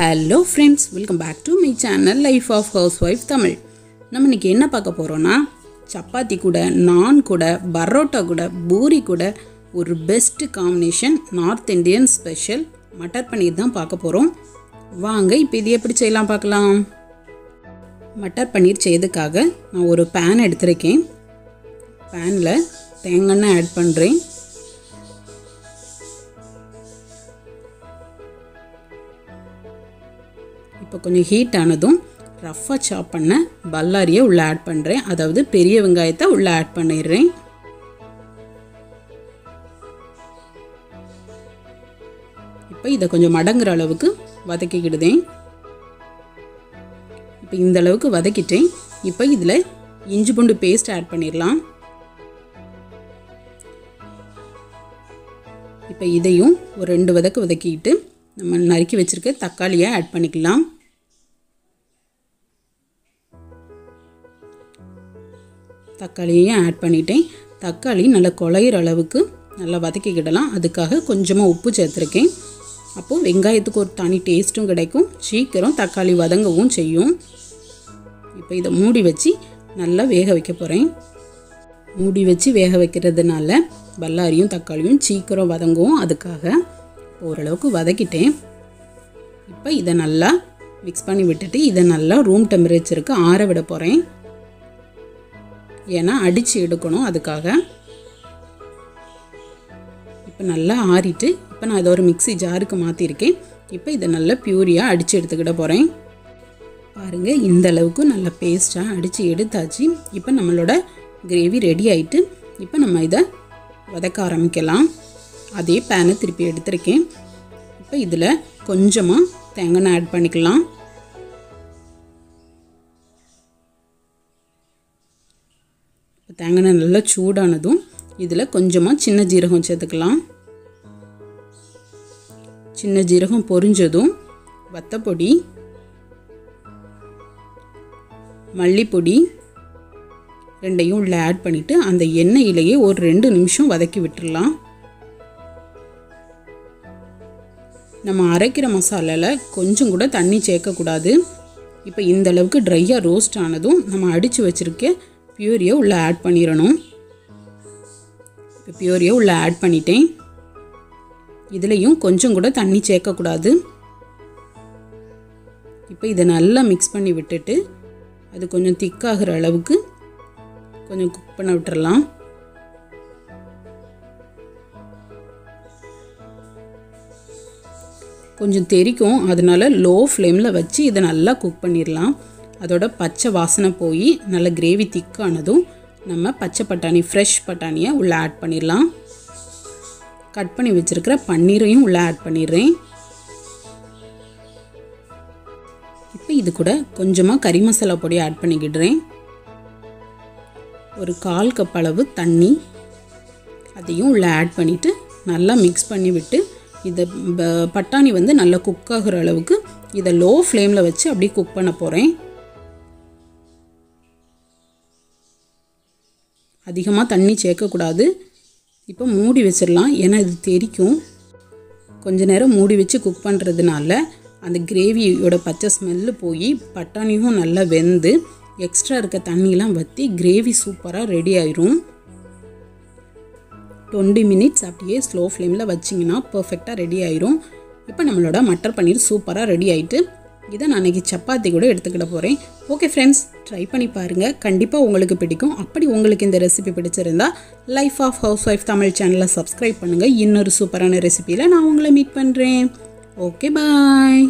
hello friends welcome back to my channel life of housewife Tamil நம்ம இன்னைக்கு என்ன பார்க்க போகிறோன்னா சப்பாத்தி கூட நான் கூட பரோட்டா கூட பூரி கூட ஒரு best combination north Indian special matar paneer தான் பார்க்க போகிறோம் வாங்க இப்போ இது எப்படி செய்யலாம் பார்க்கலாம் மட்டர் பன்னீர் செய்யறதுக்காக நான் ஒரு பேன் எடுத்துருக்கேன் பேனில் தேங்காய் ஆட் பண்ணுறேன் இப்போ கொஞ்சம் ஹீட் ஆனதும் ரஃப்பாக சாப் பண்ண பல்லாரியை உள்ளே ஆட் பண்ணுறேன் அதாவது பெரிய வெங்காயத்தை உள்ளே ஆட் பண்ணிடுறேன் இப்போ இதை கொஞ்சம் மடங்குற அளவுக்கு வதக்கிக்கிடுதேன் இப்போ இந்த அளவுக்கு வதக்கிட்டேன் இப்போ இதில் இஞ்சி பூண்டு பேஸ்ட் ஆட் பண்ணிடலாம் இப்போ இதையும் ஒரு ரெண்டு வதக்கு வதக்கிக்கிட்டு நம்ம நறுக்கி வச்சுருக்க தக்காளியை ஆட் பண்ணிக்கலாம் தக்காளியையும் ஆட் பண்ணிட்டேன் தக்காளி நல்லா குழையிற அளவுக்கு நல்லா வதக்கிக்கிடலாம் அதுக்காக கொஞ்சமாக உப்பு சேர்த்துருக்கேன் அப்போது வெங்காயத்துக்கு ஒரு தனி டேஸ்ட்டும் கிடைக்கும் சீக்கிரம் தக்காளி வதங்கவும் செய்யும் இப்போ இதை மூடி வச்சு நல்லா வேக வைக்க போகிறேன் மூடி வச்சு வேக வைக்கிறதுனால பல்லாரியும் தக்காளியும் சீக்கிரம் வதங்கும் அதுக்காக ஓரளவுக்கு வதக்கிட்டேன் இப்போ இதை நல்லா மிக்ஸ் பண்ணி விட்டுட்டு இதை நல்லா ரூம் டெம்பரேச்சருக்கு ஆற விட போகிறேன் ஏன்னா அடித்து எடுக்கணும் அதுக்காக இப்போ நல்லா ஆறிட்டு இப்போ நான் இதை ஒரு மிக்சி ஜாருக்கு மாற்றிருக்கேன் இப்போ இதை நல்லா பியூரியாக அடித்து எடுத்துக்கிட போகிறேன் பாருங்கள் இந்த அளவுக்கு நல்லா பேஸ்ட்டாக அடித்து எடுத்தாச்சு இப்போ நம்மளோட கிரேவி ரெடி ஆகிட்டு இப்போ நம்ம இதை வதக்க ஆரம்பிக்கலாம் அதே பேனை திருப்பி எடுத்திருக்கேன் இப்போ இதில் கொஞ்சமாக தேங்காய் ஆட் பண்ணிக்கலாம் தேங்காய் எண்ணெய் நல்லா சூடானதும் இதில் கொஞ்சமாக சின்ன ஜீரகம் சேர்த்துக்கலாம் சின்ன ஜீரகம் பொரிஞ்சதும் வத்தப்பொடி மல்லிப்பொடி ரெண்டையும் உள்ள ஆட் பண்ணிவிட்டு அந்த எண்ணெயிலேயே ஒரு ரெண்டு நிமிஷம் வதக்கி விட்டுடலாம் நம்ம அரைக்கிற மசாலாவில் கொஞ்சம் கூட தண்ணி சேர்க்கக்கூடாது இப்போ இந்த அளவுக்கு ட்ரையாக ரோஸ்ட் ஆனதும் நம்ம அடித்து வச்சுருக்கேன் பியூரியை உள்ளே ஆட் பண்ணிடணும் இப்போ பியூரியை உள்ளே ஆட் பண்ணிட்டேன் இதுலேயும் கொஞ்சம் கூட தண்ணி சேர்க்கக்கூடாது இப்போ இதை நல்லா மிக்ஸ் பண்ணி விட்டுட்டு அது கொஞ்சம் திக்காகிற அளவுக்கு கொஞ்சம் குக் பண்ண விட்டுறலாம் கொஞ்சம் தெரிக்கும் அதனால் லோ ஃப்ளேமில் வச்சு இதை நல்லா குக் பண்ணிடலாம் அதோட பச்சை வாசனை போய் நல்ல கிரேவி திக்கானதும் நம்ம பச்சை பட்டாணி ஃப்ரெஷ் பட்டாணியை உள்ளே ஆட் பண்ணிடலாம் கட் பண்ணி வச்சுருக்கிற பன்னீரையும் உள்ளே ஆட் பண்ணிடுறேன் இப்போ இது கூட கொஞ்சமாக கறி மசாலா பொடி ஆட் பண்ணிக்கிடுறேன் ஒரு கால் கப் அளவு தண்ணி அதையும் உள்ளே ஆட் பண்ணிவிட்டு நல்லா மிக்ஸ் பண்ணி விட்டு இதை பட்டாணி வந்து நல்லா குக் ஆகிற அளவுக்கு இதை லோ ஃப்ளேமில் வச்சு அப்படியே குக் பண்ண போகிறேன் அதிகமாக தண்ணி சேர்க்கக்கூடாது இப்போ மூடி வச்சிடலாம் ஏன்னா இது தெரிக்கும் கொஞ்ச நேரம் மூடி வச்சு குக் பண்ணுறதுனால அந்த கிரேவியோட பச்சை ஸ்மெல்லு போய் பட்டாணியும் நல்லா வெந்து எக்ஸ்ட்ரா இருக்க தண்ணியெலாம் வற்றி கிரேவி சூப்பராக ரெடி ஆயிரும் டுவெண்ட்டி மினிட்ஸ் அப்படியே ஸ்லோ ஃப்ளேமில் வச்சிங்கன்னா பர்ஃபெக்டாக ரெடி ஆயிரும் இப்போ நம்மளோட மட்டர் பன்னீர் சூப்பராக ரெடி ஆகிட்டு இதை நான் இன்றைக்கி சப்பாத்தி கூட எடுத்துக்கிட போகிறேன் ஓகே ஃப்ரெண்ட்ஸ் ட்ரை பண்ணி பாருங்கள் கண்டிப்பாக உங்களுக்கு பிடிக்கும் அப்படி உங்களுக்கு இந்த ரெசிபி பிடிச்சிருந்தா life of housewife Tamil சேனலை சப்ஸ்கிரைப் பண்ணுங்கள் இன்னொரு சூப்பரான ரெசிபியில் நான் உங்களை மீட் பண்ணுறேன் ஓகே பாய்